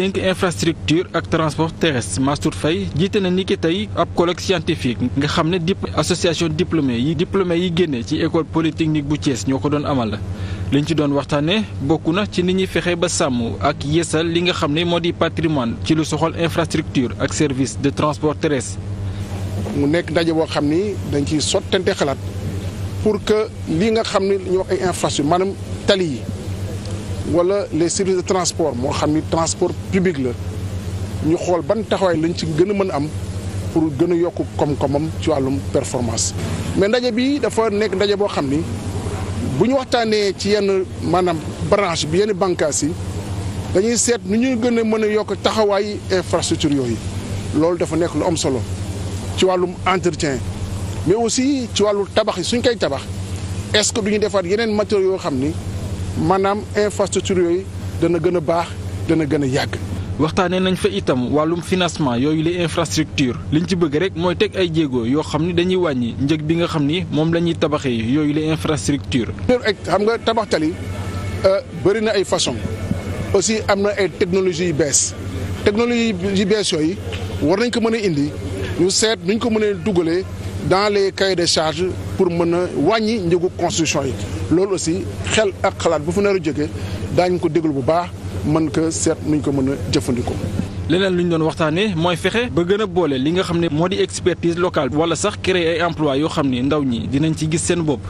dénk infrastructure ak transport terrestre Massour fay jiite na niki tey ab colloque scientifique nga xam ne dip association diplômé yi diplômé yi génne ci école polytechnique bu Thiès ñoo ko doon amal liñ ci doon waxtaane bokk na ci ni ñuy fexe ba sàmm ak yeesal li nga xam ne moo di patrimoine ci lu soxal infrastructure ak service de transport terrestre mu nekk ndaje boo xam ni dañ ciy sottante xalaat pour que li nga xam ne ñu wax ay infrastructure maanaam tali yi wala les services de transport moo xam ni transport public la ñu xool ban taxawaay lañ ci gën a mën a am pour gën a yokk koom am ci wàllum performance. mais ndaje bi dafa nekk ndaje boo xam ni bu ñu waxtaanee ci yenn maanaam branche bi yenn bànqaas yi dañuy seet nu ñuy gën a mën a yokk taxawaay infrastructure yooyu loolu dafa nekk lu am solo ci wàllum entretien mais aussi ci wàllu tabax yi suñ koy tabax est-ce que ñu defar yeneen matériaux yoo xam ni. maanaam infrastructure yooyu dana gën a baax dana gën a yàgg. waxtaanee nañ fa itam wàllum financement yooyu li infrastructure liñ ci bëgg rek mooy teg ay jéego yoo xam ni dañuy wàññi njëg bi nga xam ni moom lañuy tabaxee yooyu li infrastructure. xam nga tabax tali euh, bëri na ay façon aussi am na ay technologie yu bees technologie yu bees yooyu war nañ ko mën a indi ñu seet nuñ ko mënee dugalee. dans les cahiers de charge pour mën a wàññi njëgu construction yi loolu aussi xel ak xalaat bu fu nar a jógee dañu ko déglu bu baax mën ko seet nuñ ko mën a jëfandikoo. leneen lu ñu doon waxtaanee mooy fexe ba gën a boole li nga xam ne moo di expertise locale wala sax créer ay emploi yoo xam ne ndaw ñi dinañ ci gis seen bopp.